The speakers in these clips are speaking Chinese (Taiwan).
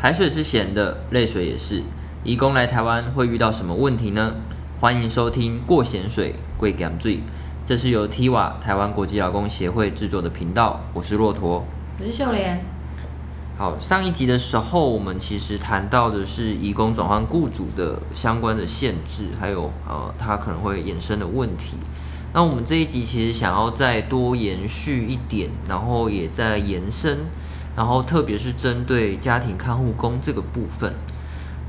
海水是鹹的，淚水也是。移工來台灣會遇到什麼問題呢？歡迎收聽過鹹水《過鹹水貴 gam 最》，這是由 TIWA 台灣國際勞工協會制作的頻道。我是駱駝，我是秀蓮。好，上一集的時候，我們其實談到的是移工轉換雇主的相關的限制，還有呃，它可能會衍生的問題。那我們這一集其實想要再多延續一點，然後也再延伸。然後，特別是針對家庭看護工這個部分，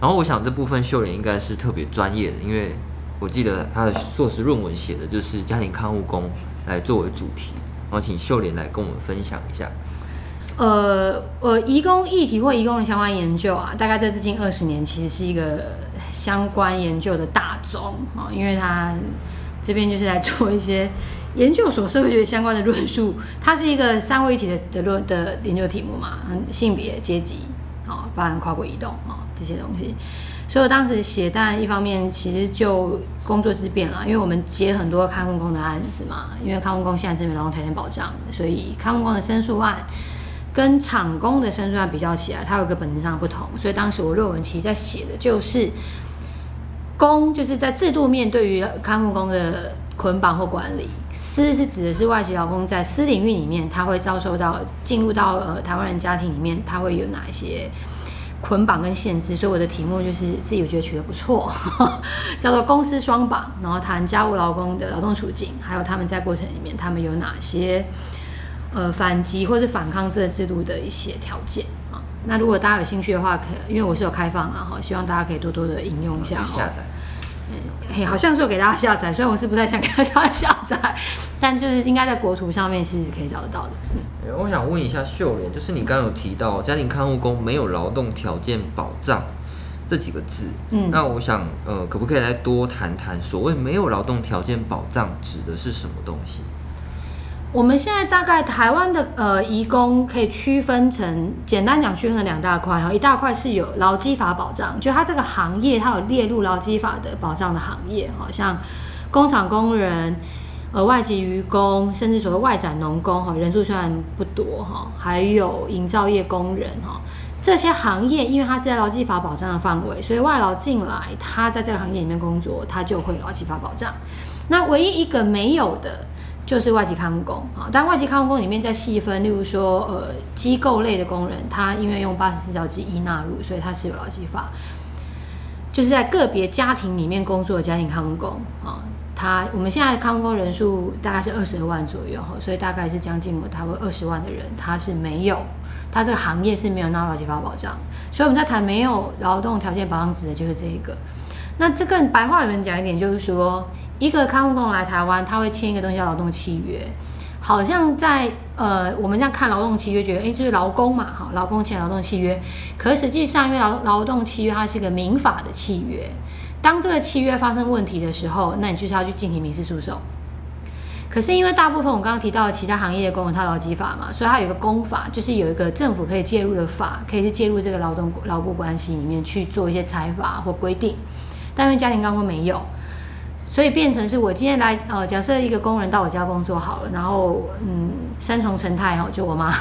然後我想這部分秀蓮應該是特別專業的，因為我記得她的碩士論文寫的就是家庭看護工來作為主題，然後請秀蓮來跟我們分享一下。呃，呃，移工議題或移工的相關研究啊，大概在最近二十年，其實是一個相關研究的大宗啊，因為他這邊就是在做一些。研究所社會學相關的論述，它是一個三位一體的的論的研究題目嘛，性別、階級，啊、哦，包含跨國移動啊、哦、這些東西。所以我當時寫，但一方面其實就工作之變了，因為我們接很多看護工的案子嘛，因為看護工現在是沒有勞動條件保障，所以看護工的申訴案跟廠工的申訴案比較起來，它有個本質上的不同。所以當時我論文其實在寫的，就是工就是在制度面對於看護工的。捆綁或管理，私是指的是外籍勞工在私領域裡面，他會遭受到，進入到呃台灣人家庭裡面，他會有哪一些捆綁跟限制？所以我的題目就是自己我覺得取得不錯呵呵，叫做公私雙綁，然後談家務勞工的勞動處境，還有他們在過程裡面他們有哪些呃反擊或是反抗這個制度的一些條件啊？那如果大家有興趣的話，可因為我是有開放啊，哈，希望大家可以多多的引用一下，下嗯、好像是有給大家下載，雖然我是不太想給大家下載，但就是應該在國圖上面其實可以找得到的。嗯欸、我想問一下秀蓮，就是你剛剛有提到家庭看護工沒有勞動條件保障這幾個字，嗯、那我想呃，可不可以再多談談所謂沒有勞動條件保障指的是什麼東西？我們現在大概台灣的呃移工可以區分成，簡單講區分成兩大塊哈，一大塊是有勞基法保障，就它這個行業它有列入勞基法的保障的行業哈，像工廠工人、呃外籍漁工，甚至所謂外展農工哈，人數雖然不多哈，還有營造業工人哈，這些行業因為它是在勞基法保障的範圍，所以外勞進來他在這個行業裡面工作，他就會有勞基法保障。那唯一一個沒有的。就是外籍看護工啊，但外籍看護工裡面再細分，例如說呃機構類的工人，他因為用八十四條之一納入，所以他是有勞基法。就是在個別家庭裡面工作的家庭看護工啊，他我們現在看護工人數大概是二十二萬左右，所以大概是將近有差不多二十萬的人，他是沒有，他這個行業是沒有納入勞基法保障，所以我們在談沒有勞動條件保障指的就是這一個。那這個白話裡面講一點，就是說，一個看護工人來台灣，他會簽一個東西叫勞動契約。好像在呃，我們這樣看勞動契約，覺得哎、欸，就是勞工嘛，哈，勞工簽勞動契約。可實際上，因為勞勞動契約它是一個民法的契約，當這個契約發生問題的時候，那你就是要去進行民事訴訟。可是因為大部分我剛剛提到的其他行業的工人他勞基法嘛，所以它有一個公法，就是有一個政府可以介入的法，可以是介入這個勞動勞雇關係裡面去做一些裁罰或規定。但因為家庭剛剛沒有，所以變成是我今天來哦、呃。假設一個工人到我家工作好了，然後嗯，三重成態哈，就我媽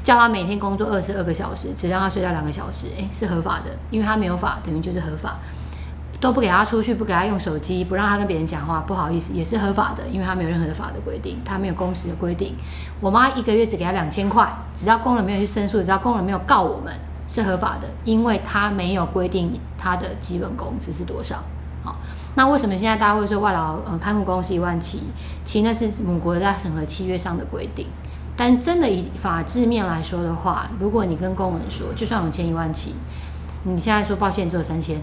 叫她每天工作二十二個小時，只讓她睡覺兩個小時，哎、欸，是合法的，因為她沒有法，等於就是合法，都不給她出去，不給她用手機，不讓她跟別人講話，不好意思，也是合法的，因為她沒有任何的法的規定，她沒有工時的規定。我媽一個月只給她兩千塊，只要工人沒有去申訴，只要工人沒有告我們，是合法的，因為他沒有規定他的基本工資是多少。好，那為什麼現在大家會說外勞呃看護工資一萬七？其實那是母國在審核契約上的規定。但真的以法制面來說的話，如果你跟工人說，就算我們簽一萬七，你現在說抱歉只有三千，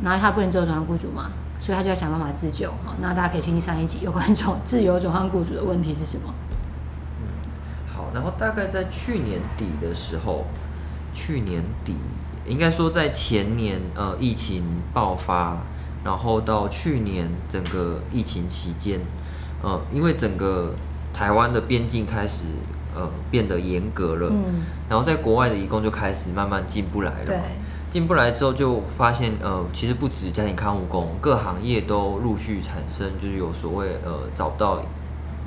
那他不能做轉換雇主嗎？所以他就要想辦法自救。好，那大家可以聽聽上一集有關種自由轉換雇主的問題是什麼？嗯，好。然後大概在去年底的時候。去年底，應該說在前年，呃，疫情爆發，然後到去年整個疫情期間，呃，因為整個台灣的邊境開始呃變得嚴格了，嗯，然後在國外的移工就開始慢慢進不來了，對，進不來之後就發現，呃，其實不止家庭看護工，各行業都陸續產生，就是有所謂呃找不到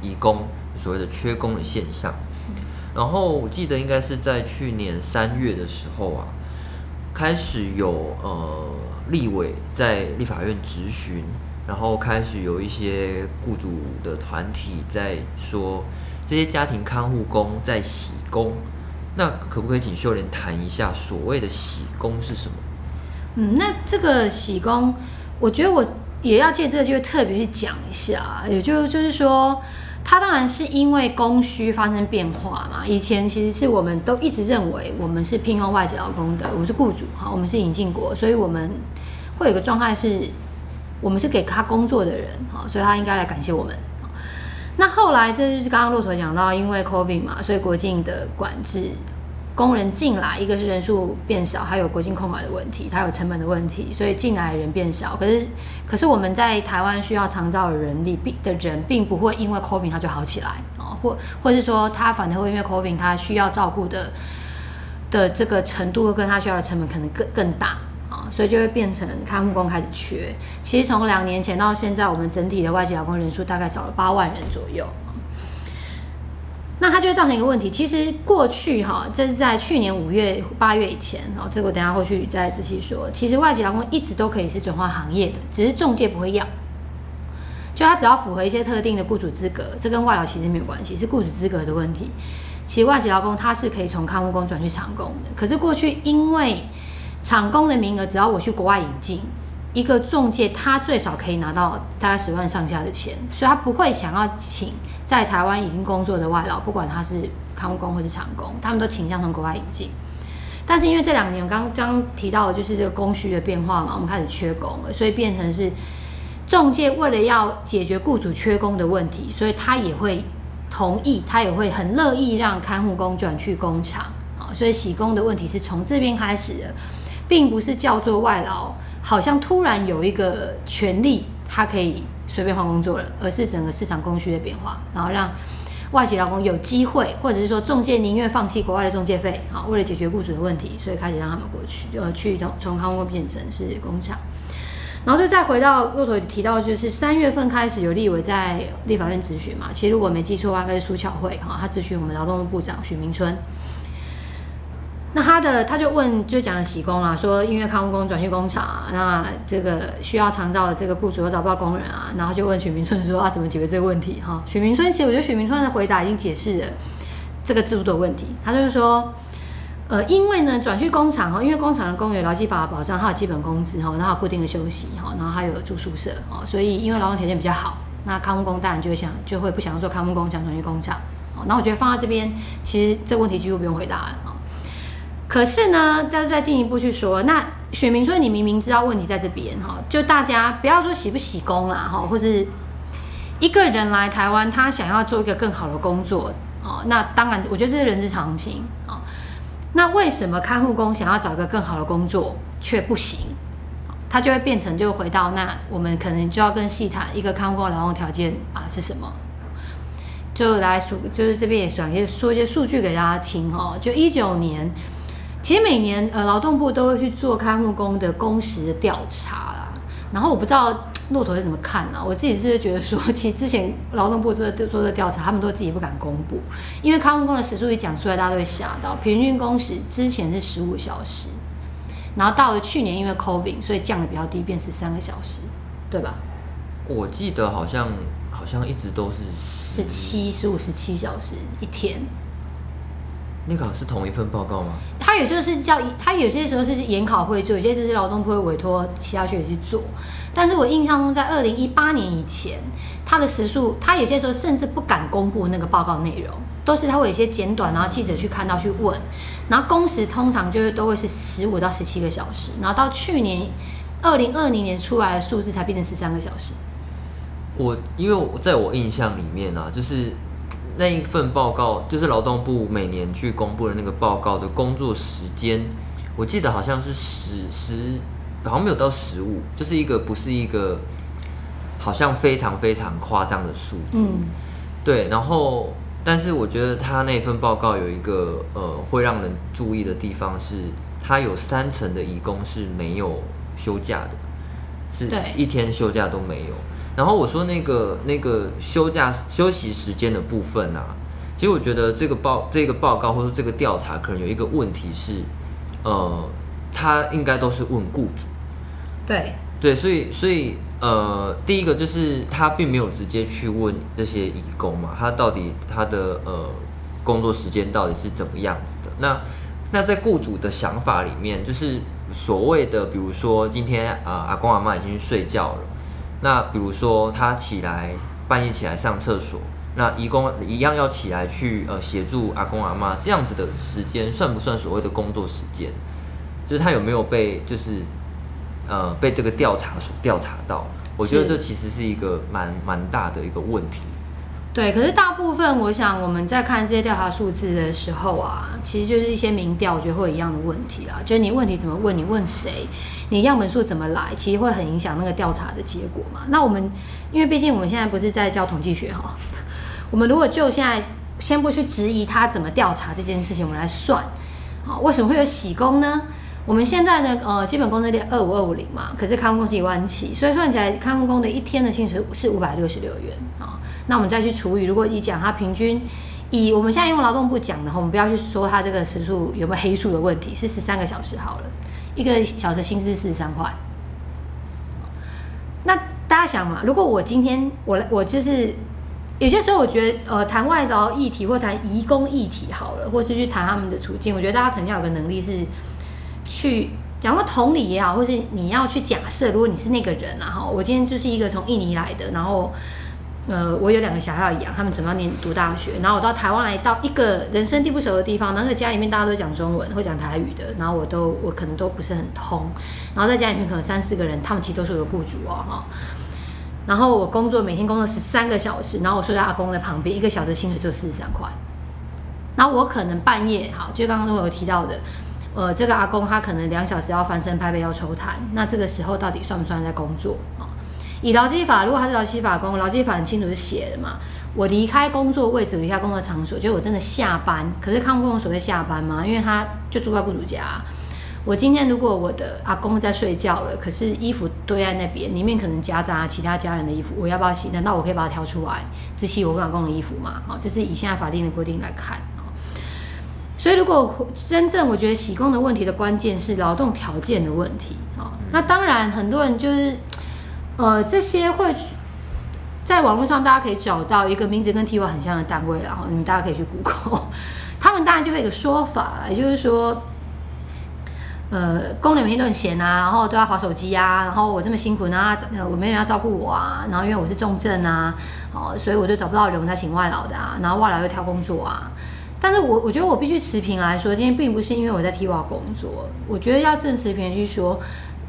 移工，所謂的缺工的現象。然後我記得應該是在去年三月的時候啊，開始有呃立委在立法院質詢，然後開始有一些雇主的團體在說這些家庭看護工在洗工，那可不可以請秀蓮談一下所謂的洗工是什麼？嗯，那這個洗工，我覺得我也要借這個機會特別去講一下，也就就是說。他當然是因為供需發生變化嘛。以前其實是我們都一直認為我們是聘用外籍勞工的，我們是雇主哈，我們是引進國，所以我們會有個狀態是，我們是給他工作的人哈，所以他應該來感謝我們。那後來這就是剛剛駱駝講到，因為 COVID 嘛，所以國境的管制。工人進來，一個是人數變少，還有國境空白的問題，他有成本的問題，所以進來的人變少。可是，可是我們在台灣需要長照的人力並的人，並不會因為 COVID 它就好起來啊、哦，或或是說他反而會因為 COVID 他需要照顧的的這個程度，跟他需要的成本可能更更大啊、哦，所以就會變成看護工開始缺。其實從兩年前到現在，我們整體的外籍勞工人數大概少了八萬人左右。那它就會造成一個問題。其實過去哈，這是在去年五月八月以前，哦，這個我等一下後續再仔細說。其實外籍勞工一直都可以是轉換行業的，只是中介不會要。就他只要符合一些特定的雇主資格，這跟外勞其實沒有關係，是雇主資格的問題。其實外籍勞工他是可以從看護工轉去廠工的，可是過去因為廠工的名額只要我去國外引進。一個中介，他最少可以拿到大概十萬上下的錢，所以他不會想要請在台灣已經工作的外勞，不管他是看護工或是廠工，他們都傾向從國外引進。但是因為這兩年我剛剛提到的就是這個供需的變化嘛，我們開始缺工了，所以變成是中介為了要解決雇主缺工的問題，所以他也會同意，他也會很樂意讓看護工轉去工廠啊。所以洗工的問題是從這邊開始的，並不是叫做外勞。好像突然有一個權利，他可以隨便換工作了，而是整個市場供需的變化，然後讓外籍勞工有機會，或者是說中介寧願放棄國外的中介費，好為了解決雇主的問題，所以開始讓他們過去，呃，去從從康工變成是工廠。然後就再回到駱駝提到，就是三月份開始有立委在立法院質詢嘛，其實如果沒記錯的話應該，應該是蘇巧慧哈，他質詢我們勞動部長許明春。那他的他就問，就講了喜工啊，說因為康護工轉去工廠、啊，那這個需要長照的這個雇主又找不到工人啊，然後就問許明春說啊，怎麼解決這個問題？哈、哦，許明春其實我覺得許明春的回答已經解釋了這個制度的問題。他就是說，呃，因為呢轉去工廠哦，因為工廠的工人有勞技法的保障，他有基本工資哦，然後有固定的休息哦，然後還有住宿舍哦，所以因為勞動條件比較好，那康護工當然就會想，就會不想要做康護工，想轉去工廠。哦，那我覺得放在這邊，其實這問題幾乎不用回答了。可是呢，要再進一步去說，那雪明說，你明明知道問題在這邊哈，就大家不要說洗不洗工啦。哈，或是一個人來台灣，他想要做一個更好的工作哦，那當然，我覺得這是人之常情，那為什麼看護工想要找一個更好的工作卻不行？他就會變成就回到那，我們可能就要跟細談一個看護工勞動條件啊是什麼？就來數，就是這邊也想說一些數據給大家聽哦，就一九年。其實每年，呃，勞動部都會去做看護工的工時的調查啦。然後我不知道駱駝是怎麼看啦。我自己是覺得說，其實之前勞動部做的做這調查，他們都自己不敢公布，因為看護工的時數一講出來，大家都會嚇到。平均工時之前是十五小時，然後到了去年因為 COVID，所以降得比較低，變十三個小時，對吧？我記得好像好像一直都是十七、十五、十七小時一天。那個是同一份報告嗎？他有些是叫他有些時候是研考會做，有些時候是勞動部會委託其他學者去做。但是我印象中在二零一八年以前，他的時數，他有些時候甚至不敢公布那個報告內容，都是他會有些簡短，然後記者去看到去問，然後工時通常就是都會是十五到十七個小時，然後到去年二零二零年出來的數字才變成十三個小時。我因為在我印象裡面啊，就是。那一份報告就是勞動部每年去公布的那個報告的工作時間，我記得好像是十十，好像沒有到十五，就是一個不是一個好像非常非常誇張的數字。嗯、對，然後但是我覺得他那份報告有一個呃會讓人注意的地方是，他有三成的移工是沒有休假的，是一天休假都沒有。然後我說那個那個休假休息時間的部分啊，其實我覺得這個報這個報告或者這個調查可能有一個問題是，呃，他應該都是問雇主。對對，所以所以呃，第一個就是他並沒有直接去問這些移工嘛，他到底他的呃工作時間到底是怎麼樣子的？那那在雇主的想法裡面，就是所謂的比如說今天啊、呃，阿公阿嬤已經睡覺了。那比如說，他起來半夜起來上廁所，那移工一樣要起來去呃協助阿公阿媽，這樣子的時間算不算所謂的工作時間？就是他有沒有被就是呃被這個調查所調查到？是我覺得這其實是一個蠻蠻大的一個問題。對，可是大部分我想我們在看這些調查數字的時候啊，其實就是一些民調，我覺得會有一樣的問題啦，就是你問題怎麼問，你問誰？你樣本數怎麼來？其實會很影響那個調查的結果嘛。那我們，因為畢竟我們現在不是在教統計學哈、哦。我們如果就現在先不去質疑他怎麼調查這件事情，我們來算，好、哦，為什麼會有洗工呢？我們現在呢，呃，基本工資列二五二五零嘛，可是看護工是一萬七，所以算起來看護工的一天的薪水是五百六十六元啊、哦。那我們再去除以，如果你講他平均以，以我們現在用勞動部講的話，我們不要去說他這個時數有沒有黑數的問題，是十三個小時好了。一個小時薪資四十三塊，那大家想嘛。如果我今天我我就是有些時候我覺得，呃，談外勞議題或談移工議題好了，或是去談他們的處境，我覺得大家肯定要有個能力是去講到同理也好，或是你要去假設，如果你是那個人，啊，然後我今天就是一個從印尼來的，然後。呃，我有兩個小孩一樣，他們準備念讀大學。然後我到台灣來，到一個人生地不熟的地方，然後在家裡面大家都講中文，會講台語的，然後我都我可能都不是很通。然後在家裡面可能三四個人，他們其實都是我的雇主哦，哈。然後我工作每天工作十三個小時，然後我睡在阿公的旁邊，一個小時薪水就四十三塊。那我可能半夜哈，就剛剛我有提到的，呃，這個阿公他可能兩小時要翻身，拍背要抽痰，那這個時候到底算不算在工作？以勞基法，如果他是勞基法工，勞基法很清楚是寫的嘛。我離開工作位置，離開工作場所，就是我真的下班。可是看護工所謂下班嘛，因為他就住在雇主家，啊。我今天如果我的阿公在睡覺了，可是衣服堆在那邊，裡面可能夾雜其他家人的衣服，我要不要洗？難道我可以把它挑出來只洗我跟阿公的衣服嘛。好，哦，這是以現在法定的規定來看，哦。所以如果真正我覺得洗工的問題的關鍵是勞動條件的問題。好，哦，那當然很多人就是。呃，這些會在網絡上，大家可以找到一個名字跟 TIWA 很像的單位，然後你們大家可以去 Google，他們當然就會有一個說法，也就是說，呃，工人們都很閒啊，然後都要滑手機啊，然後我這麼辛苦啊，我沒人要照顧我啊，然後因為我是重症啊，哦，所以我就找不到人在請外勞的啊，然後外勞又挑工作啊，但是我我覺得我必須持平來說，今天並不是因為我在 TIWA 工作，我覺得要正持平去說。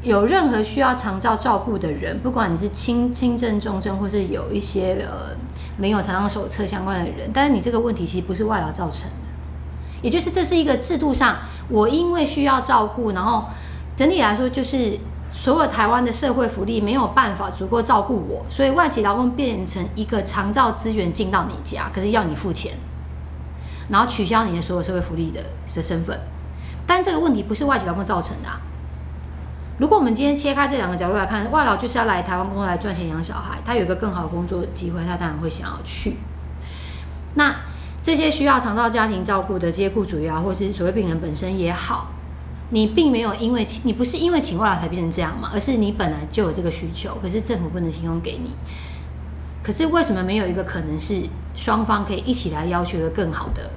有任何需要長照照顧的人，不管你是輕輕症、重症，或是有一些呃沒有長照手冊相關的人，但是你這個問題其實不是外勞造成的，也就是這是一個制度上，我因為需要照顧，然後整體來說就是所有台灣的社會福利沒有辦法足夠照顧我，所以外籍勞工變成一個長照資源進到你家，可是要你付錢，然後取消你的所有社會福利的的身份，但這個問題不是外籍勞工造成的啊。如果我們今天切開這兩個角度來看，外勞就是要來台灣工作來賺錢養小孩，他有一個更好的工作機會，他當然會想要去。那這些需要長照家庭照顧的這些雇主也好，或是所謂病人本身也好，你並沒有，因為你不是因為請外勞才變成這樣嘛，而是你本來就有這個需求，可是政府不能提供給你。可是為什麼沒有一個可能是雙方可以一起來要求一個更好的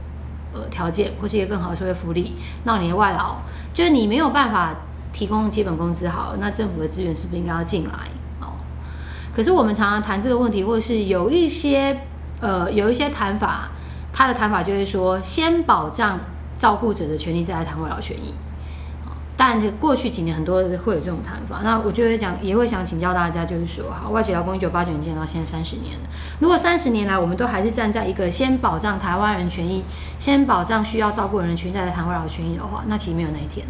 呃條件，或是一個更好的社會福利，讓你的外勞就是你沒有辦法提供基本工資好了，那政府的資源是不是應該要進來？哦，可是我們常常談這個問題，或者是有一些，呃，有一些談法，他的談法就會說，先保障照顧者的權利，再來談慰勞權益。但過去幾年很多人會有這種談法，那我就會講，也會想請教大家，就是說，哈，外籍勞工一九八九年到現在三十年了，如果三十年來我們都還是站在一個先保障台灣人權益，先保障需要照顧人群，再來談慰勞權益的話，那其實沒有那一天。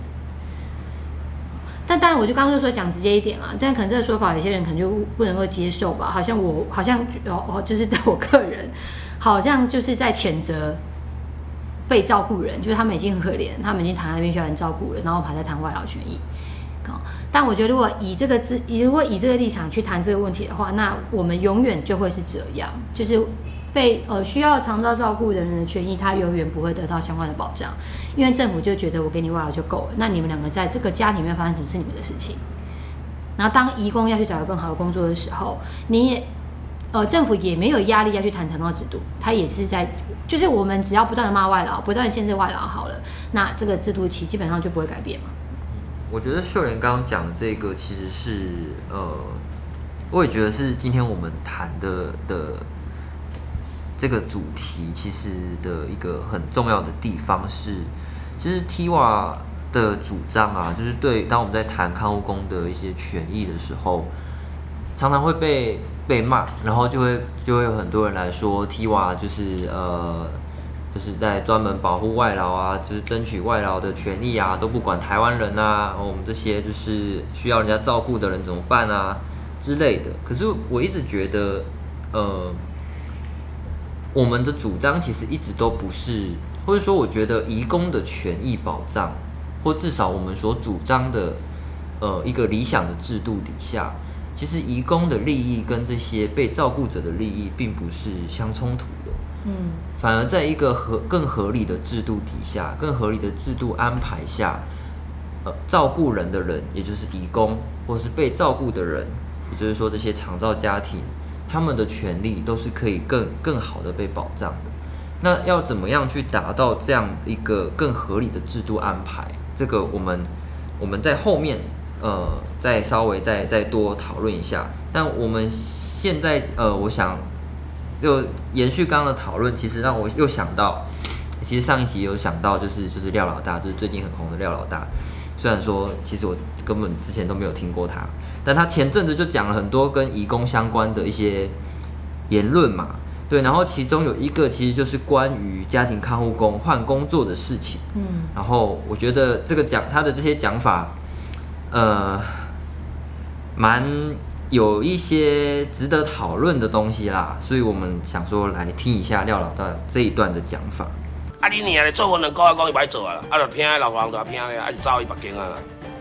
但但我就剛剛就說講直接一點了，啊，但可能這個說法，有些人可能就不能夠接受吧。好像我，好像哦哦，就是對我個人，好像就是在譴責被照顧人，就是他們已經很可憐，他們已經躺在那邊需要人照顧了，然後還在談外勞權益。但我覺得如果以這個資，如果以這個立場去談這個問題的話，那我們永遠就會是這樣，就是。被呃需要長照照顧的人的權益，他永遠不會得到相關的保障，因為政府就覺得我給你外勞就夠了。那你們兩個在這個家裡面發生什麼事，是你們的事情。然後當移工要去找到更好的工作的時候，你也呃政府也沒有壓力要去談長照制度，他也是在就是我們只要不斷的罵外勞，不斷的限制外勞好了，那這個制度期基本上就不會改變嘛。我覺得秀蓮剛剛講的這個其實是呃，我也覺得是今天我們談的的。的這個主題其實的一個很重要的地方是，其實 t 瓦的主張啊，就是對當我們在談康務工的一些權益的時候，常常會被被罵，然後就會就會有很多人來說 t 瓦就是呃，就是在專門保護外勞啊，就是爭取外勞的權益啊，都不管台灣人啊，我、嗯、們這些就是需要人家照顧的人怎麼辦啊之類的。可是我一直覺得，呃。我們的主張其實一直都不是，或者說，我覺得移工的權益保障，或至少我們所主張的，呃，一個理想的制度底下，其實移工的利益跟這些被照顧者的利益並不是相衝突的。嗯，反而在一個合更合理的制度底下，更合理的制度安排下，呃，照顧人的人，也就是移工，或是被照顧的人，也就是說這些長照家庭。他們的權利都是可以更更好的被保障的。那要怎麼樣去達到這樣一個更合理的制度安排？這個我們我們在後面呃再稍微再再多討論一下。但我們現在呃，我想就延續剛剛的討論，其實讓我又想到，其實上一集有想到就是就是廖老大，就是最近很紅的廖老大。雖然說其實我根本之前都沒有聽過他。但他前陣子就講了很多跟移工相關的一些言論嘛，對，然後其中有一個其實就是關於家庭看護工換工作的事情，嗯，然後我覺得這個講他的這些講法，呃，蠻有一些值得討論的東西啦，所以我們想說來聽一下廖老大的這一段的講法。阿、啊、你來做我的阿老阿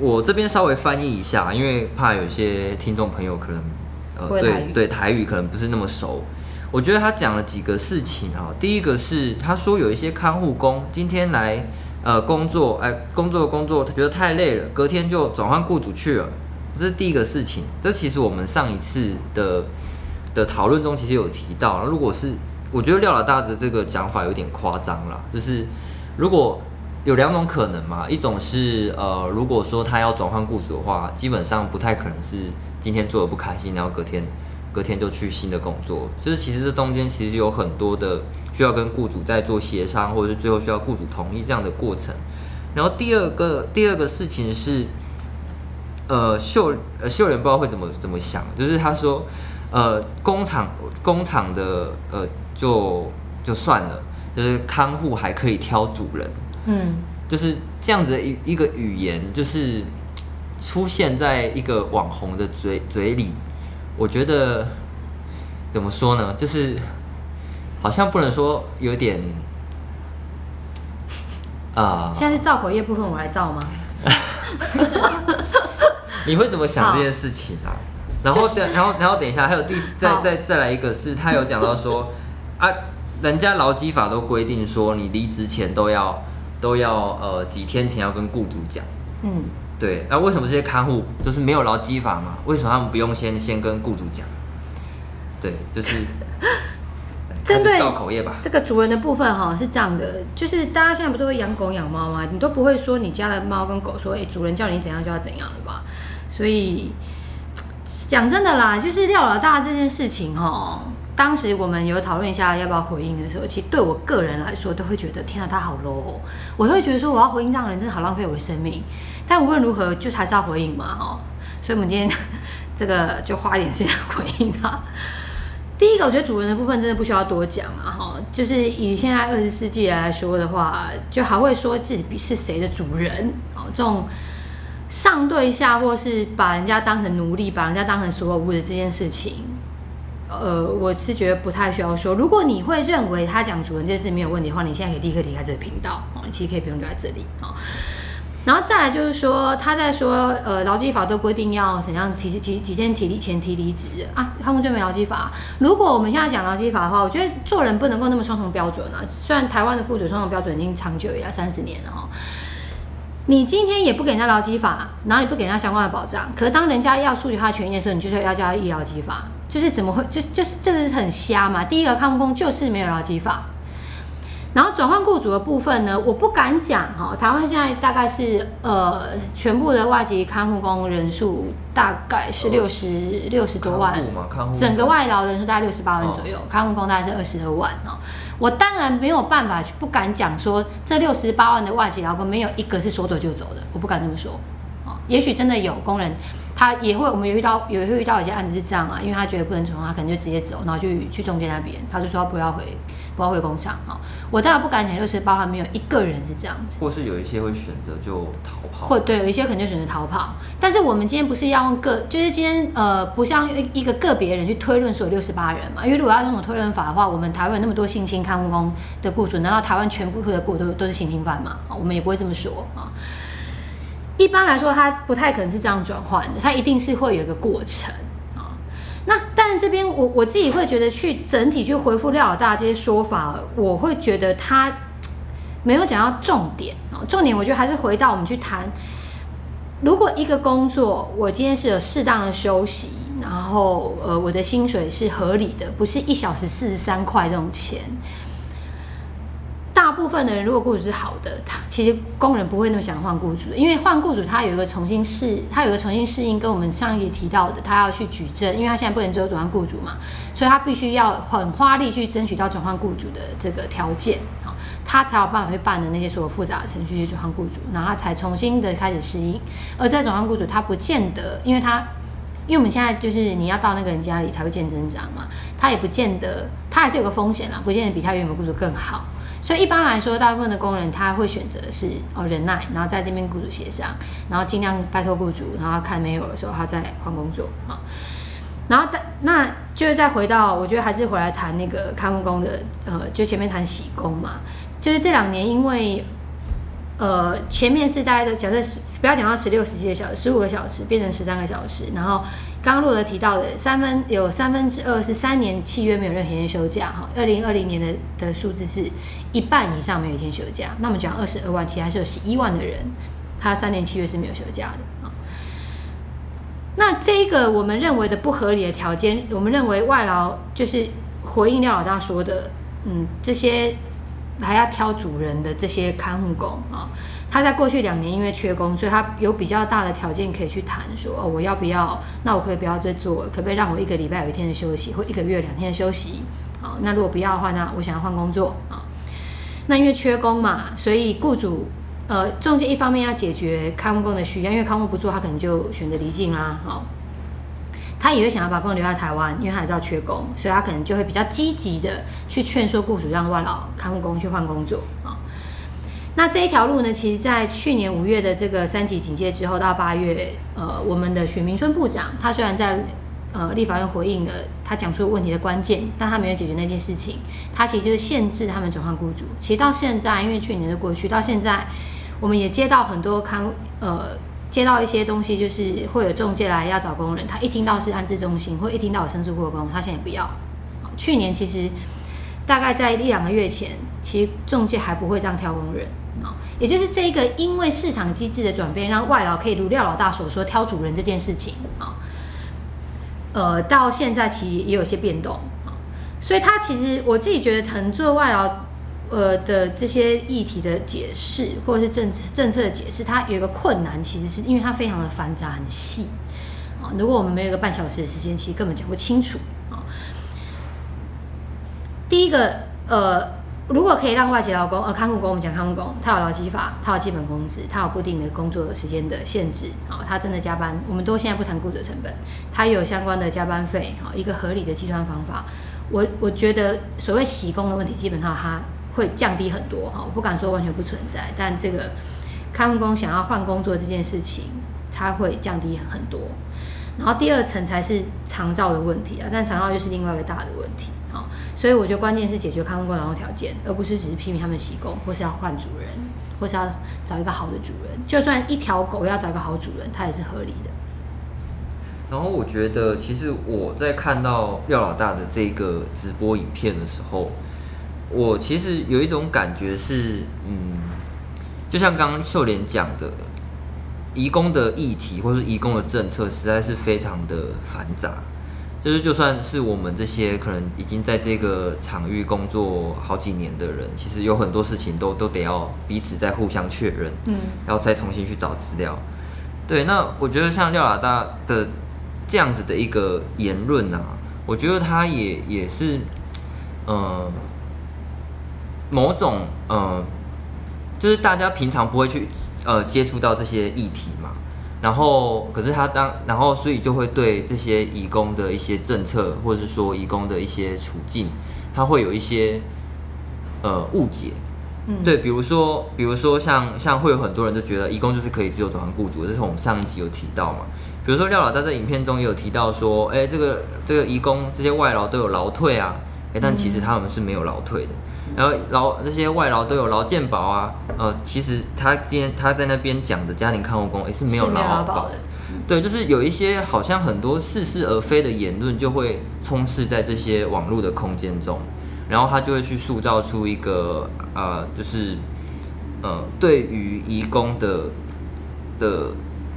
我這邊稍微翻譯一下，因為怕有些聽眾朋友可能呃對對台語可能不是那麼熟。我覺得他講了幾個事情啊、哦，第一個是他說有一些看護工今天來呃工作，哎工作工作，他覺得太累了，隔天就轉換雇主去了。這是第一個事情。這其實我們上一次的的討論中其實有提到，如果是我覺得廖老大的這個講法有點誇張了，就是如果。有兩種可能嘛，一種是呃，如果說他要轉換雇主的話，基本上不太可能是今天做得不開心，然後隔天隔天就去新的工作。就是其實這中間其實有很多的需要跟雇主在做協商，或者是最後需要雇主同意這樣的過程。然後第二個第二個事情是，呃，秀呃秀蓮不知道會怎麼怎麼想，就是他說，呃，工廠工廠的呃就就算了，就是看護還可以挑主人。嗯，就是這樣子的一一個語言，就是出現在一個網紅的嘴嘴裡，我覺得怎麼說呢？就是好像不能說有點啊。呃、現在是造口業部分，我來造嗎？ 你會怎麼想這件事情啊？好然後等，就是、然後然後等一下，還有第再再好再來一個，是他有講到說 啊，人家勞基法都規定說，你離職前都要。都要呃幾天前要跟雇主講，嗯，對。那、啊、為什麼這些看護就是沒有勞基法嘛？為什麼他們不用先先跟雇主講？對，就是針 對口業吧。這個主人的部分哈，是這樣的，就是大家現在不是會養狗養貓嗎？你都不會說你家的貓跟狗說，哎、欸，主人叫你怎樣就要怎樣了吧？所以講真的啦，就是廖老大這件事情哈。當時我們有討論一下要不要回應的時候，其實對我個人來說都會覺得，天啊，他好 low！我都會覺得說，我要回應這樣的人，真的好浪費我的生命。但無論如何，就還是要回應嘛，哦。所以我們今天這個就花一點時間回應他，啊。第一個，我覺得主人的部分真的不需要多講了，啊、哈、哦。就是以現在二十世紀來說的話，就還會說自己比是誰的主人哦，這種上對下或是把人家當成奴隸、把人家當成所有物的這件事情。呃，我是覺得不太需要說。如果你會認為他講主人這件事沒有問題的話，你現在可以立刻離開這個頻道哦。你其實可以不用留在這裡、哦、然後再來就是說，他在說呃，勞基法都規定要怎樣提提提前提前提離職啊，他們就沒勞基法、啊。如果我們現在講勞基法的話，我覺得做人不能夠那麼雙重標準啊。雖然台灣的雇主雙重標準已經長久也要三十年了哈、哦。你今天也不給人家勞基法，哪裡不給人家相關的保障，可是當人家要訴求他權益的時候，你就說要叫他依勞基法。就是怎麼會？就是就是這，就是很瞎嘛！第一個看護工就是沒有勞基法，然後轉換雇主的部分呢，我不敢講哦。台灣現在大概是呃，全部的外籍看護工人數大概是六十六十多萬，整個外勞人數大概六十八萬左右，哦、看護工大概是二十二萬哦。我當然沒有辦法去，不敢講說這六十八萬的外籍勞工沒有一個是說走就走的，我不敢這麼說哦。也許真的有工人。他也會，我們有遇到，也會遇到一些案子是這樣啊，因為他覺得不能存活，他可能就直接走，然後去去中間那邊，他就說不要回，不要回工廠啊。我當然不敢講，六十八沒有一個人是這樣子，或是有一些會選擇就逃跑，或對，有一些可能就選擇逃跑。但是我們今天不是要用個，就是今天呃，不像一一個個別人去推論所有六十八人嘛，因為如果要用這種推論法的話，我們台灣那麼多性侵看護工的雇主，難道台灣全部推的雇主都是性侵犯嗎？我們也不會這麼說啊。一般來說，它不太可能是這樣轉換的，它一定是會有一個過程啊。那但這邊我我自己會覺得，去整體去回復廖老大這些說法，我會覺得他沒有講到重點啊。重點我覺得還是回到我們去談，如果一個工作，我今天是有適當的休息，然後呃，我的薪水是合理的，不是一小時四十三塊這種錢。大部分的人，如果雇主是好的，他其實工人不會那麼想換雇主，因為換雇主他有一個重新適，他有一個重新適應。跟我們上一集提到的，他要去舉證，因為他現在不能只有轉換雇主嘛，所以他必須要很花力去爭取到轉換雇主的這個條件，哦，他才有辦法去辦的那些所有複雜的程序去轉換雇主，然後他才重新的開始適應。而在轉換雇主，他不見得，因為他，因為我們現在就是你要到那個人家裡才會見真章嘛，他也不見得，他還是有個風險啦，不見得比他原本雇主更好。所以一般來說，大部分的工人他會選擇是哦忍耐，然後在這邊雇主協商，然後盡量拜托雇主，然後看沒有的時候，他再換工作啊。然後但那就是再回到，我覺得還是回來談那個看護工的，呃，就前面談洗工嘛，就是這兩年因為，呃，前面是大家的假設十，不要講到十六十七個小時十五個小時變成十三個小時，然後。剛剛駱駝提到的三分有三分之二是三年契約，沒有任何天休假哈。二零二零年的的數字是一半以上沒有一天休假，那我們講二十二萬，其實還是有十一萬的人，他三年契約是沒有休假的。那這一個我們認為的不合理的條件，我們認為外勞就是回應廖老大說的，嗯，這些還要挑主人的這些看護工啊。哦他在過去兩年因為缺工，所以他有比較大的條件可以去談說，說哦，我要不要？那我可，可以不要再做，可不可以讓我一個禮拜有一天的休息，或一個月兩天的休息？好、哦，那如果不要的話，那我想要換工作啊、哦。那因為缺工嘛，所以雇主呃，仲介一方面要解決看護工的需要，因為看護不做，他可能就選擇離境啦、啊。好、哦，他也會想要把工留在台灣，因為他也知道缺工，所以他可能就會比較積極的去勸說雇主讓外勞看護工去換工作。那這一條路呢？其實，在去年五月的這個三級警戒之後，到八月，呃，我們的許明春部長，他雖然在呃立法院回應了，他講出問題的關鍵，但他沒有解決那件事情。他其實就是限制他們轉換雇主。其實到現在，因為去年的過去，到現在，我們也接到很多看，呃，接到一些東西，就是會有仲介來要找工人。他一聽到是安置中心，或一聽到有申訴過工，他現在也不要。去年其實大概在一兩個月前，其實仲介還不會這樣挑工人。哦、也就是這個，因為市場機制的轉變，讓外勞可以如廖老大所說挑主人這件事情啊、哦，呃，到現在其實也有些變動、哦、所以它其實我自己覺得可能做外勞呃的這些議題的解釋，或者是政政策的解釋，它有一個困難，其實是因為它非常的繁雜、很細啊、哦。如果我們沒有一個半小時的時間，其實根本講不清楚啊、哦。第一個，呃。如果可以讓外籍勞工，呃、啊，看護工，工，工，我們講看護工，他有勞基法，他有基本工資，他有固定的工作時間的限制，好、哦，他真的加班，我們都現在不談雇主成本，他有相關的加班費，好、哦，一個合理的計算方法，我我覺得所謂洗工的問題，基本上他會降低很多，好、哦，我不敢說完全不存在，但這個看護工想要換工作這件事情，他會降低很多，然後第二層才是長照的問題啊，但長照又是另外一個大的問題。好，所以我覺得關鍵是解決看護勞動條件，而不是只是批評他們洗工，或是要換主人，或是要找一個好的主人。就算一條狗要找一個好主人，它也是合理的。然後我覺得，其實我在看到廖老大的這個直播影片的時候，我其實有一種感覺是，嗯，就像剛剛秀蓮講的，移工的議題或是移工的政策，實在是非常的繁雜。就是，就算是我們這些可能已經在這個場域工作好幾年的人，其實有很多事情都都得要彼此再互相確認，嗯，然後再重新去找資料。對，那我覺得像廖老大的這樣子的一個言論啊，我覺得他也也是，嗯、呃，某種嗯、呃，就是大家平常不會去呃接觸到這些議題嘛。然後，可是他當，然後所以就會對這些移工的一些政策，或者是說移工的一些處境，他會有一些呃誤解，嗯、對，比如說，比如說像像會有很多人都覺得移工就是可以自由轉換雇主，這是我們上一集有提到嘛。比如說廖老大在影片中也有提到說，哎，這個這個移工這些外勞都有勞退啊，哎，但其實他們是沒有勞退的。嗯然後勞那些外勞都有勞健保啊，呃，其實他今天他在那邊講的家庭看護工也是沒有勞，沒勞保的，對，就是有一些好像很多似是而非的言論就會充斥在這些網絡的空間中，然後他就會去塑造出一個啊，呃，就是呃，對於移工的的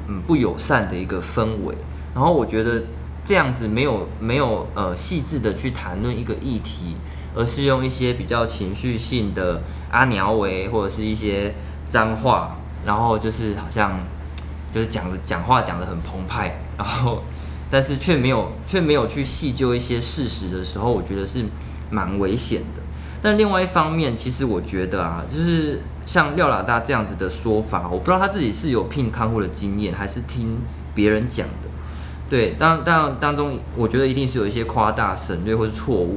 嗯不友善的一個氛圍，然後我覺得這樣子沒有沒有呃細緻的去談論一個議題。而是用一些比較情緒性的「阿娘餵」，或者是一些髒話，然後就是好像就是講的講話講得很澎湃，然後但是卻沒有卻沒有去細究一些事實的時候，我覺得是蠻危險的。但另外一方面，其實我覺得啊，就是像廖老大這樣子的說法，我不知道他自己是有聘看護的經驗，還是聽別人講的。對，當當當中，我覺得一定是有一些誇大、省略或是錯誤。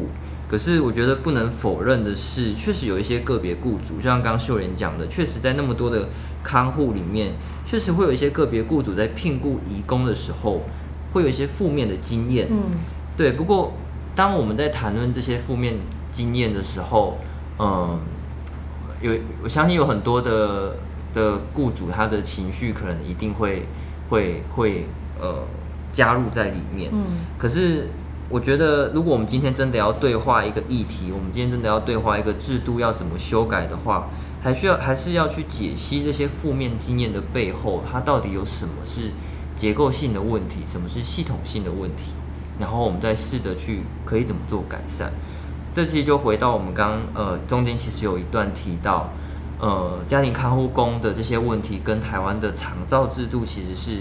可是我覺得不能否認的是，確實有一些個別雇主，就像剛秀蓮講的，確實在那麼多的看護裡面，確實會有一些個別雇主在聘雇移工的時候，會有一些負面的經驗。嗯，對。不過當我們在談論這些負面經驗的時候，嗯，有我相信有很多的的雇主，他的情緒可能一定會會會呃加入在裡面。嗯，可是。我覺得，如果我們今天真的要對話一個議題，我們今天真的要對話一個制度要怎麼修改的話，還需要還是要去解析這些負面經驗的背後，它到底有什麼是結構性的問題，什麼是系統性的問題，然後我們再試着去可以怎麼做改善。這期就回到我們剛,剛呃中間其實有一段提到，呃家庭看護工的這些問題跟台灣的長照制度其實是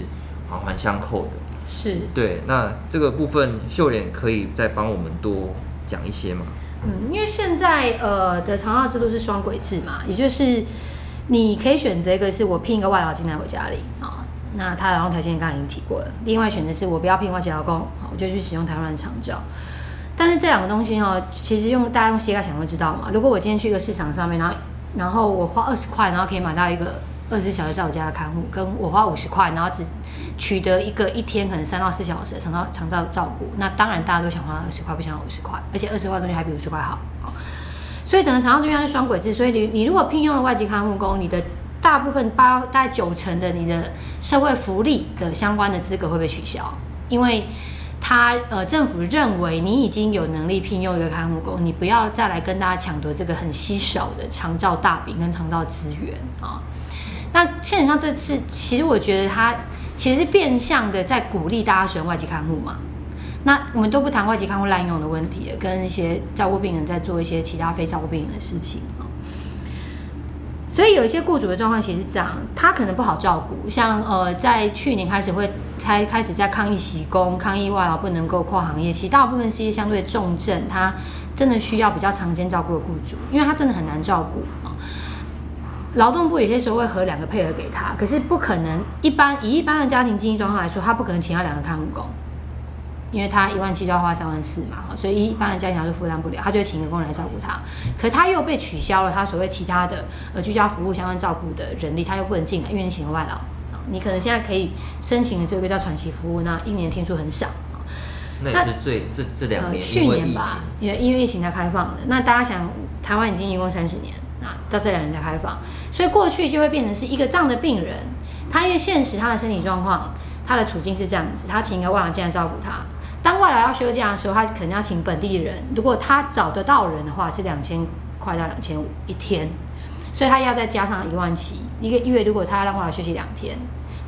環環相扣的。是對，那這個部分秀蓮可以再幫我們多講一些嗎？嗯，因為現在呃的長照制度是雙軌制嘛，也就是你可以選擇一個是我聘一個外勞進來我家裡啊、哦，那他然後台前剛才已經提過了。另外選擇是我不要聘外籍勞工好，我就去使用台灣的長照。但是這兩個東西哈、哦，其實用大家用膝蓋想都知道嘛。如果我今天去一個市場上面，然後然後我花二十塊，然後可以買到一個二十小時在我家的看護，跟我花五十塊，然後只取得一個一天可能三到四小時的長照、長照照顧，那當然大家都想花二十塊，不想要五十塊，而且二十塊的東西還比五十塊好、哦。所以整個長照資源是雙軌制，所以你你如果聘用了外籍看護工，你的大部分八大概九成的你的社會福利的相關的資格會被取消，因為他呃政府認為你已經有能力聘用一個看護工，你不要再來跟大家搶奪這個很稀少的長照大餅跟長照資源啊、哦。那現實上這次其實我覺得他。其實是變相的在鼓勵大家使用外籍看護嘛。那我們都不談外籍看護濫用的問題，跟一些照顧病人在做一些其他非照顧病人的事情。所以有一些雇主的狀況其實是這樣，他可能不好照顧，像呃在去年開始會才開始在抗議洗工、抗議外勞不能夠跨行業，其大部分是一些相對重症，他真的需要比較長時間照顧的雇主，因為他真的很難照顧、哦勞動部有些時候會核兩個配額給他，可是不可能。一般以一般的家庭經濟狀況來說，他不可能請到兩個看護工，因為他一萬七就要花三萬四嘛，所以一般的家庭他就負擔不了。他就會請一個工人來照顧他，可他又被取消了他所謂其他的呃居家服務相關照顧的人力，他又不能進來，因為你請了外勞，你可能現在可以申請的這個叫喘息服務，那一年天數很少。那也是最那這這兩年因為疫因為疫情才開放的。那大家想，台灣已經移工三十年。啊、到這兩年才開放，所以過去就會變成是一個這樣的病人，他因為現實他的身體狀況，他的處境是這樣子，他請一個外勞進來照顧他。當外勞要休假的時候，他肯定要請本地的人。如果他找得到人的話，是兩千塊到兩千五一天，所以他要再加上一萬七。一個月如果他要讓外勞休息兩天，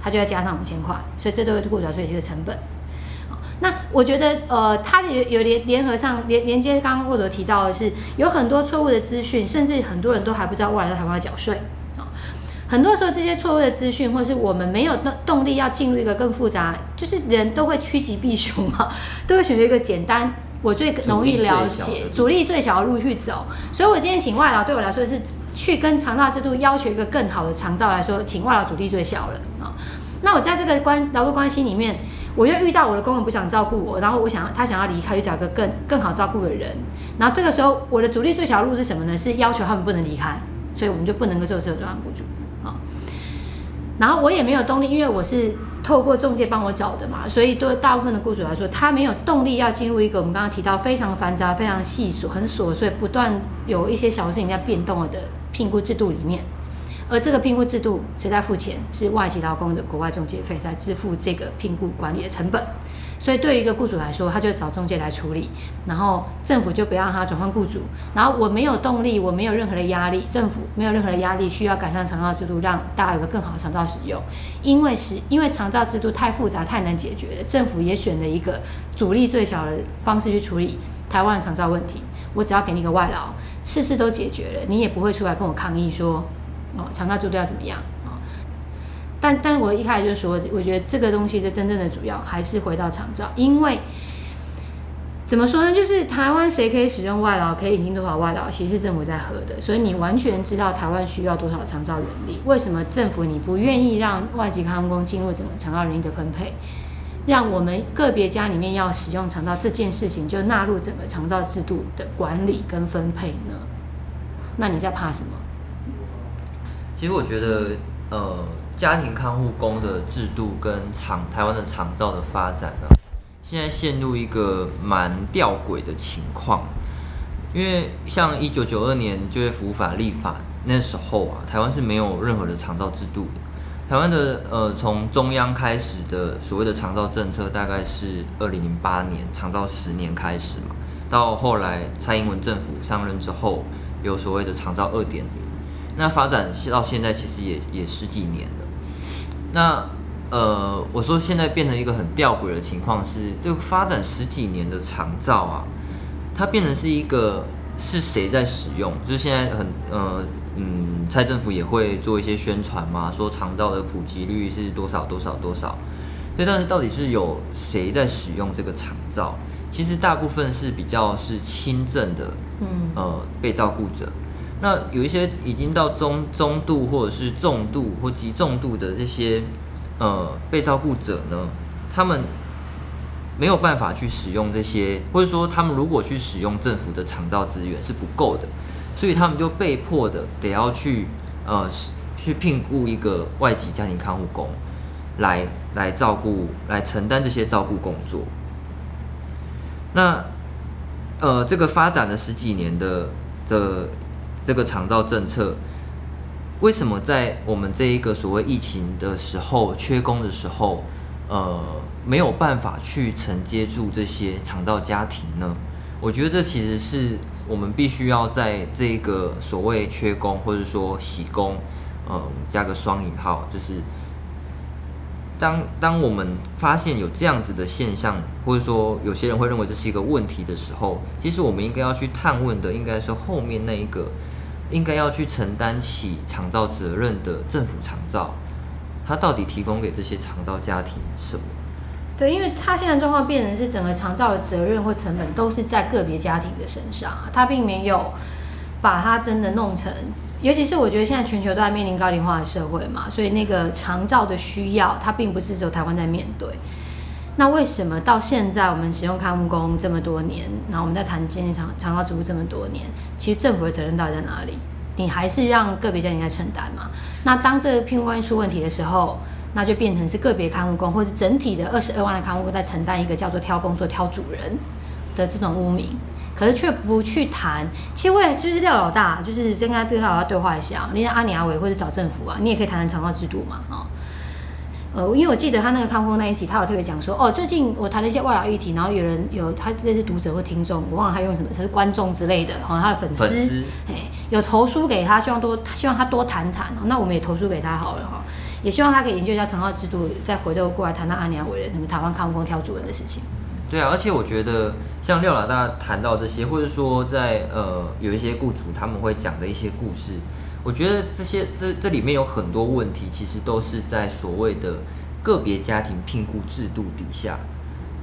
他就要加上五千塊，所以這都是過去所累積的成本。那我覺得，呃，他有有聯聯合上聯連，連接，剛剛我都提到的是有很多錯誤的資訊，甚至很多人都還不知道外勞在台灣要繳稅、哦、很多時候這些錯誤的資訊，或是我們沒有動動力要進入一個更複雜，就是人都會趨吉避凶嘛，都會選擇一個簡單，我最容易了解，阻力，力最小的路去走。所以，我今天請外勞對我來說是去跟長照制度要求一個更好的長照來說，請外勞阻力最小了、哦、那我在這個關勞動關係裡面。我又遇到我的工人不想照顧我，然後我想他想要離開，又找一個更更好照顧的人。然後這個時候，我的阻力最小路是什麼呢？是要求他們不能離開，所以我們就不能夠做這個專案雇主啊。然後我也沒有動力，因為我是透過仲介幫我找的嘛，所以對大部分的雇主來說，他沒有動力要進入一個我們剛剛提到非常繁雜、非常細瑣、很瑣碎、不斷有一些小事情在變動的評估制度裡面。而這個聘僱制度，誰在付錢？是外籍勞工的國外中介費在支付這個聘僱管理的成本。所以對於一個雇主來說，他就找中介來處理，然後政府就不要讓他轉換雇主。然後我沒有動力，我沒有任何的壓力，政府沒有任何的壓力，需要改善長照制度，讓大家有個更好的長照使用。因為是，因為長照制度太複雜、太難解決了，政府也選了一個阻力最小的方式去處理台灣的長照問題。我只要給你一個外勞，事事都解決了，你也不會出來跟我抗議說。哦，長照做都要怎麼樣、哦、但但我一開始就說，我覺得這個東西的真正的主要還是回到長照，因為怎麼說呢？就是台灣誰可以使用外勞，可以引進多少外勞，其實是政府在核的。所以你完全知道台灣需要多少長照人力。為什麼政府你不願意讓外籍看工進入整個長照人力的分配？讓我們個別家裡面要使用長照這件事情，就納入整個長照制度的管理跟分配呢？那你在怕什麼？其實我覺得，呃，家庭看護工的制度跟長台灣的長照的發展啊，現在陷入一個蠻吊詭的情況，因為像一九九二年就業服務法立法那時候啊，台灣是沒有任何的長照制度。台灣的呃，從中央開始的所謂的長照政策，大概是二零零八年長照十年開始嘛，到後來蔡英文政府上任之後，有所謂的長照二點零。那發展到現在其實也也十幾年了，那呃，我說現在變成一個很吊詭的情況是，這個發展十幾年的長照啊，它變成是一個是誰在使用？就是現在很呃嗯，蔡政府也會做一些宣傳嘛，說長照的普及率是多少多少多少，所以但是到底是有誰在使用這個長照，其實大部分是比較是輕症的，嗯呃，被照顧者。嗯那有一些已經到中中度或者是重度或極重度的這些呃被照顧者呢，他們沒有辦法去使用這些，或者說他們如果去使用政府的長照資源是不夠的，所以他們就被迫的得要去呃去聘雇一個外籍家庭看護工來來照顧來承擔這些照顧工作。那呃這個發展了十幾年的的。這個長照政策為什麼在我們這一個所謂疫情的時候，缺工的時候，呃，沒有辦法去承接住這些長照家庭呢？我覺得這其實是我們必須要在這一個所謂缺工或者說洗工，嗯、呃，加個雙引號，就是當當我們發現有這樣子的現象，或者說有些人會認為這是一個問題的時候，其實我們應該要去探問的應該是後面那一個。應該要去承擔起長照責任的政府長照，他到底提供給這些長照家庭什麼？對，因為他現在狀況變成是整個長照的責任或成本都是在個別家庭的身上啊，他並沒有把它真的弄成，尤其是我覺得現在全球都在面臨高齡化的社會嘛，所以那個長照的需要，它並不是只有台灣在面對。那為什麼到現在我們使用看護工這麼多年，然後我們在談建立長長照制度這麼多年，其實政府的責任到底在哪裡？你還是讓個別家庭在承擔嘛？那當這個聘用關係出問題的時候，那就變成是個別看護工，或者是整體的二十二萬的看護工在承擔一個叫做挑工作、挑主人的這種污名，可是卻不去談。其實我也就是廖老大，就是先跟他廖老大對話一下啊，你阿倪阿偉或者找政府啊，你也可以談談長照制度嘛，哈、哦。呃，因為我記得他那個看護那一集，他有特別講說，哦，最近我談了一些外勞議題，然後有人有他那些讀者或聽眾，我忘了他用什麼，他是觀眾之類的，像他的粉絲絲，有投書給他，希望多希望他多談談，那我們也投書給他好了，哈，也希望他可以研究一下長照制度，再回頭過來談到阿年偉那個台灣看護挑主人的事情。對啊，而且我覺得像廖老大談到這些，或者說在呃有一些雇主他們會講的一些故事。我覺得這些這這裡面有很多問題，其實都是在所謂的個別家庭聘僱制度底下，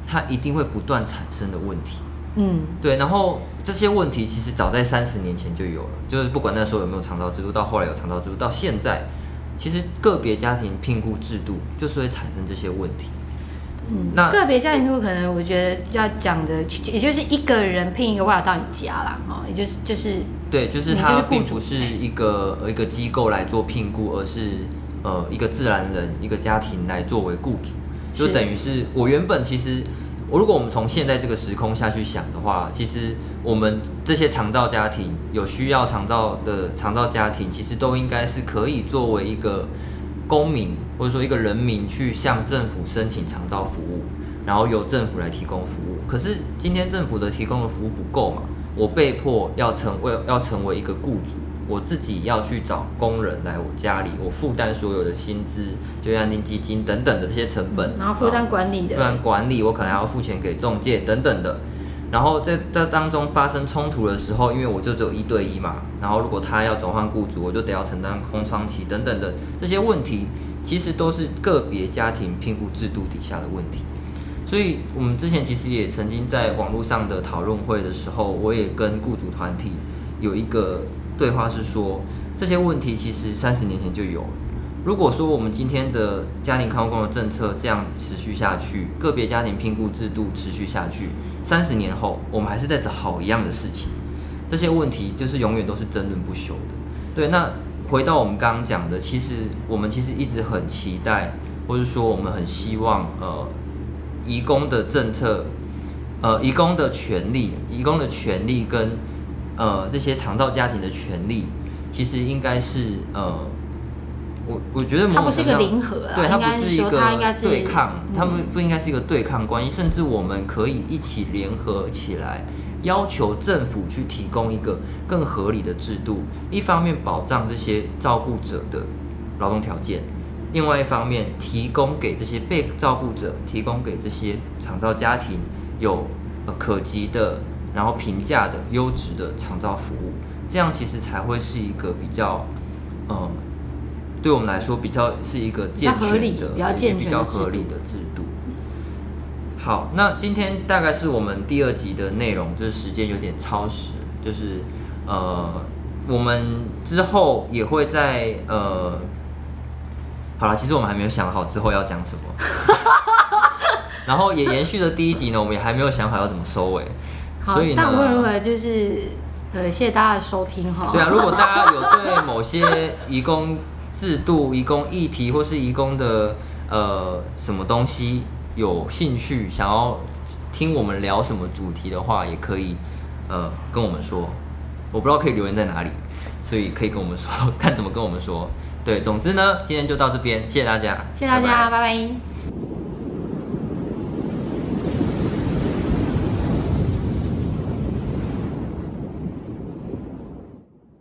它一定會不斷產生的問題。嗯，對。然後這些問題其實早在三十年前就有了，就是不管那時候有沒有長照制度，到後來有長照制度，到現在，其實個別家庭聘僱制度就是會產生這些問題。嗯，那個別家庭聘僱可能我覺得要講的，也就是一個人聘一個外勞到你家啦，哦，也就是就是。對，就是它並不是一個呃一個機構來做聘僱，而是呃一個自然人一個家庭來作為雇主，就等於是我原本其實我如果我們從現在這個時空下去想的話，其實我們這些長照家庭有需要長照的長照家庭，其實都應該是可以作為一個公民或者說一個人民去向政府申請長照服務，然後由政府來提供服務。可是今天政府的提供的服務不夠嘛？我被迫要成為要成為一個雇主，我自己要去找工人來我家裡，我負擔所有的薪資、就業金基金等等的這些成本，嗯、然後負擔管理的，負擔、啊、管理，我可能要付錢給仲介等等的。然後在這當中發生衝突的時候，因為我就只有一對一嘛，然後如果他要轉換雇主，我就得要承擔空窗期等等的這些問題，其實都是個別家庭聘雇制度底下的問題。所以，我們之前其實也曾經在網絡上的討論會的時候，我也跟雇主團體有一個對話，是說這些問題其實三十年前就有了。如果說我們今天的家庭看護工的政策這樣持續下去，個別家庭聘雇制度持續下去，三十年後我們還是在做一樣的事情。這些問題就是永遠都是爭論不休的。對，那回到我們剛剛講的，其實我們其實一直很期待，或是說我們很希望呃。移工的政策，呃，移工的權利，移工的權利跟呃這些長照家庭的權利，其實應該是呃，我我覺得某種程度上，對，它不是一個，對抗，他們、嗯、不應該是一個對抗關係，甚至我們可以一起聯合起來，要求政府去提供一個更合理的制度，一方面保障這些照顧者的勞動條件。另外一方面，提供給這些被照顧者，提供給這些長照家庭有可及的、然後平價的、優質的長照服務，這樣其實才會是一個比較，呃，對我們來說比較是一個健全的、比較健全、比較合理的制度。好，那今天大概是我們第二集的內容，就是時間有點超時，就是呃，我們之後也會在呃。好了，其實我們還沒有想好之後要講什麼， 然後也延續了第一集呢，我們也還沒有想好要怎麼收尾，好所以呢，我們如何就是呃，謝謝大家的收聽哈。對啊，如果大家有對某些移工制度、 移工議題或是移工的呃什麼東西有興趣，想要聽我們聊什麼主題的話，也可以呃跟我們說。我不知道可以留言在哪裡，所以可以跟我們說，看怎麼跟我們說。對，總之呢，今天就到這邊，謝謝大家，謝謝大家，拜拜。拜拜。